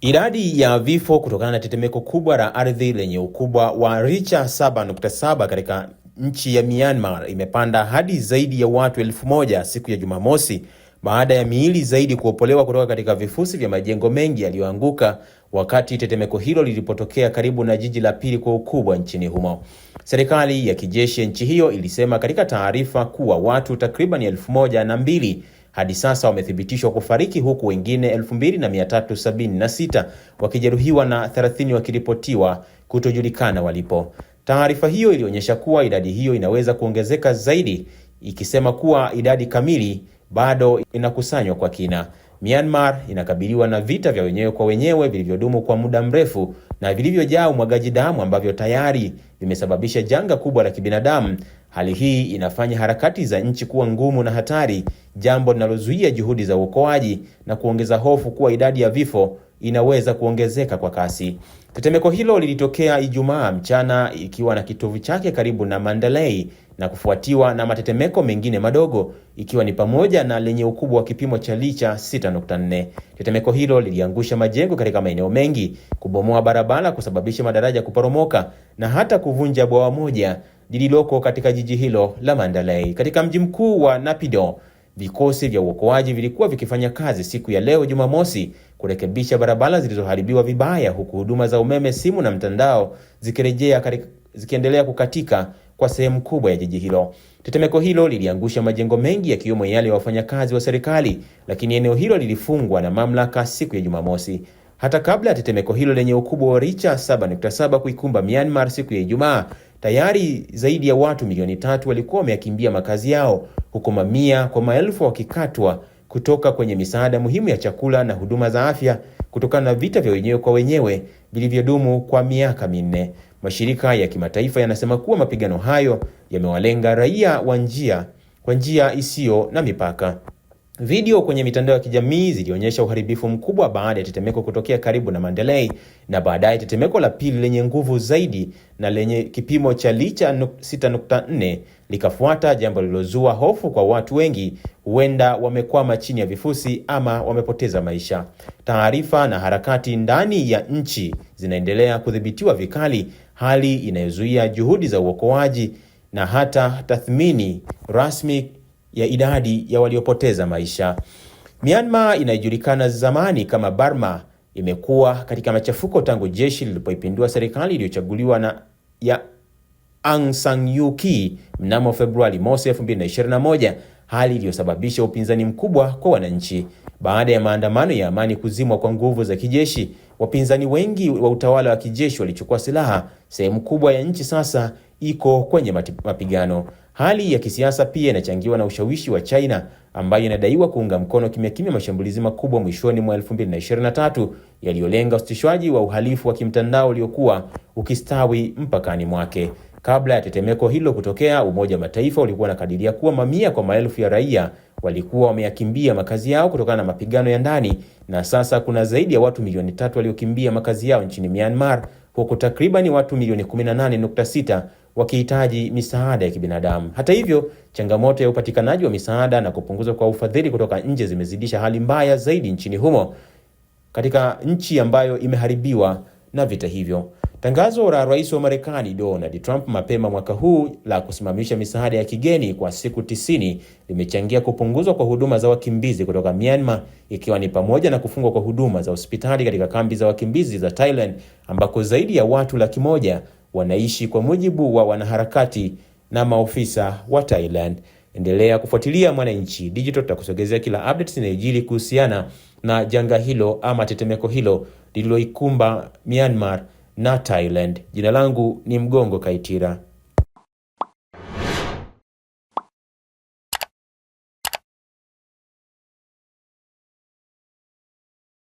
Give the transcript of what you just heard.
Idadi ya vifo kutokana na tetemeko kubwa la ardhi lenye ukubwa wa richa 7.7 katika nchi ya Myanmar imepanda hadi zaidi ya watu elfu moja siku ya Jumamosi baada ya miili zaidi kuopolewa kutoka katika vifusi vya majengo mengi yaliyoanguka wakati tetemeko hilo lilipotokea karibu na jiji la pili kwa ukubwa nchini humo. Serikali ya kijeshi ya nchi hiyo ilisema katika taarifa kuwa watu takriban elfu moja na mbili hadi sasa wamethibitishwa kufariki huku wengine 2376 wakijeruhiwa na 30 wakiripotiwa kutojulikana walipo. Taarifa hiyo ilionyesha kuwa idadi hiyo inaweza kuongezeka zaidi, ikisema kuwa idadi kamili bado inakusanywa kwa kina. Myanmar inakabiliwa na vita vya wenyewe kwa wenyewe vilivyodumu kwa muda mrefu na vilivyojaa umwagaji damu ambavyo tayari vimesababisha janga kubwa la kibinadamu Hali hii inafanya harakati za nchi kuwa ngumu na hatari, jambo linalozuia juhudi za uokoaji na kuongeza hofu kuwa idadi ya vifo inaweza kuongezeka kwa kasi. Tetemeko hilo lilitokea Ijumaa mchana ikiwa na kitovu chake karibu na Mandalay na kufuatiwa na matetemeko mengine madogo ikiwa ni pamoja na lenye ukubwa wa kipimo cha licha 6.4. Tetemeko hilo liliangusha majengo katika maeneo mengi, kubomoa barabara, kusababisha madaraja kuporomoka na hata kuvunja bwawa moja lililoko katika jiji hilo la Mandalay. Katika mji mkuu wa Napido, vikosi vya uokoaji vilikuwa vikifanya kazi siku ya leo Jumamosi kurekebisha barabara zilizoharibiwa vibaya, huku huduma za umeme, simu na mtandao zikirejea zikiendelea kukatika kwa sehemu kubwa ya jiji hilo. Tetemeko hilo liliangusha majengo mengi yakiwemo yale ya wafanyakazi wa serikali, lakini eneo hilo lilifungwa na mamlaka siku ya Jumamosi. Hata kabla ya tetemeko hilo lenye ukubwa wa Richa 7.7 kuikumba Myanmar siku ya Ijumaa, Tayari zaidi ya watu milioni tatu walikuwa wameyakimbia makazi yao, huku mamia kwa maelfu wakikatwa kutoka kwenye misaada muhimu ya chakula na huduma za afya kutokana na vita vya wenyewe kwa wenyewe vilivyodumu kwa miaka minne. Mashirika ya kimataifa yanasema kuwa mapigano hayo yamewalenga raia wa njia kwa njia isiyo na mipaka. Video kwenye mitandao ya kijamii zilionyesha uharibifu mkubwa baada ya tetemeko kutokea karibu na Mandalay na baadaye tetemeko la pili lenye nguvu zaidi na lenye kipimo cha licha 6.4 likafuata, jambo lilozua hofu kwa watu wengi, huenda wamekwama chini ya vifusi ama wamepoteza maisha. Taarifa na harakati ndani ya nchi zinaendelea kudhibitiwa vikali, hali inayozuia juhudi za uokoaji na hata tathmini rasmi ya idadi ya waliopoteza maisha. Myanmar inayojulikana zamani kama Burma imekuwa katika machafuko tangu jeshi lilipoipindua serikali iliyochaguliwa na ya Aung San Suu Kyi mnamo Februari mosi 2021, hali iliyosababisha upinzani mkubwa kwa wananchi. Baada ya maandamano ya amani kuzimwa kwa nguvu za kijeshi, wapinzani wengi wa utawala wa kijeshi walichukua silaha. Sehemu kubwa ya nchi sasa iko kwenye mapigano. Hali ya kisiasa pia inachangiwa na ushawishi wa China ambayo inadaiwa kuunga mkono kimya kimya mashambulizi makubwa mwishoni mwa 2023 yaliyolenga usitishwaji wa uhalifu wa kimtandao uliokuwa ukistawi mpakani mwake. Kabla ya tetemeko hilo kutokea, Umoja wa Mataifa ulikuwa unakadiria kuwa mamia kwa maelfu ya raia walikuwa wameyakimbia makazi yao kutokana na mapigano ya ndani, na sasa kuna zaidi ya watu milioni tatu waliokimbia makazi yao nchini Myanmar, huku takribani watu milioni 18.6 wakihitaji misaada ya kibinadamu. Hata hivyo, changamoto ya upatikanaji wa misaada na kupunguzwa kwa ufadhili kutoka nje zimezidisha hali mbaya zaidi nchini humo, katika nchi ambayo imeharibiwa na vita hivyo. Tangazo la Rais wa Marekani Donald Trump mapema mwaka huu la kusimamisha misaada ya kigeni kwa siku tisini limechangia kupunguzwa kwa huduma za wakimbizi kutoka Myanmar ikiwa ni pamoja na kufungwa kwa huduma za hospitali katika kambi za wakimbizi za Thailand ambako zaidi ya watu laki moja wanaishi kwa mujibu wa wanaharakati na maofisa wa Thailand. Endelea kufuatilia Mwananchi Digital, tutakusogezea kila updates inayojili kuhusiana na janga hilo ama tetemeko hilo lililoikumba Myanmar na Thailand. Jina langu ni Mgongo Kaitira.